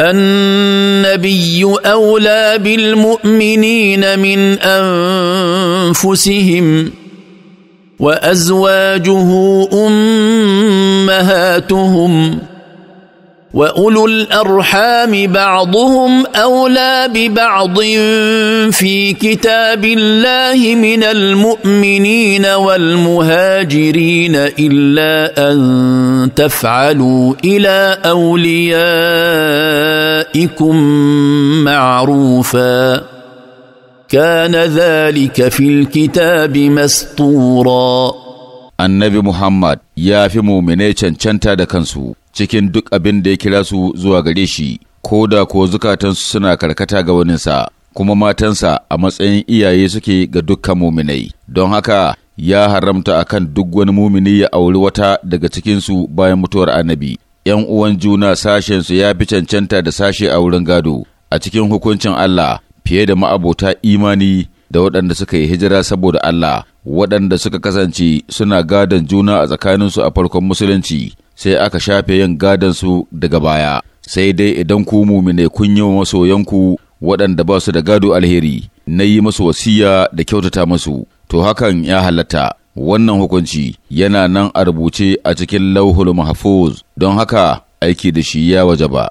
النبي اولى بالمؤمنين من انفسهم وازواجه امهاتهم واولو الارحام بعضهم اولى ببعض في كتاب الله من المؤمنين والمهاجرين الا ان تفعلوا الى اوليائكم معروفا كان ذلك في الكتاب مسطورا النبي محمد يا في مؤمني چنچنتا دكنسو cikin duk abin da ya kira su zuwa gare shi, ko da ko zukatansu suna karkata ga waninsa, kuma matansa a matsayin iyaye suke ga dukkan muminai. Don haka ya haramta a kan duk wani mumini ya auri wata daga cikinsu bayan mutuwar annabi. ‘Yan uwan juna sashensu ya fi cancanta da sashe a wurin gado, a cikin hukuncin Allah fiye da ma'abota imani da waɗanda suka yi hijira saboda Allah, waɗanda suka kasance suna gadon juna a tsakaninsu a farkon musulunci, sai aka shafe yin gadonsu daga baya, sai dai idan ku mumine kun yi masoyanku waɗanda ba su da gado alheri, na yi masu wasiya da kyautata masu, to hakan ya halatta. Wannan hukunci yana nan a rubuce a cikin lauhul mahfuz don haka aiki da shi ya waje ba.